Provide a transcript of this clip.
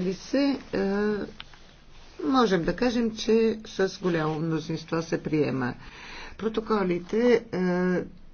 ли се, е, можем да кажем, че с голямо мнозинство се приема. Протоколите е,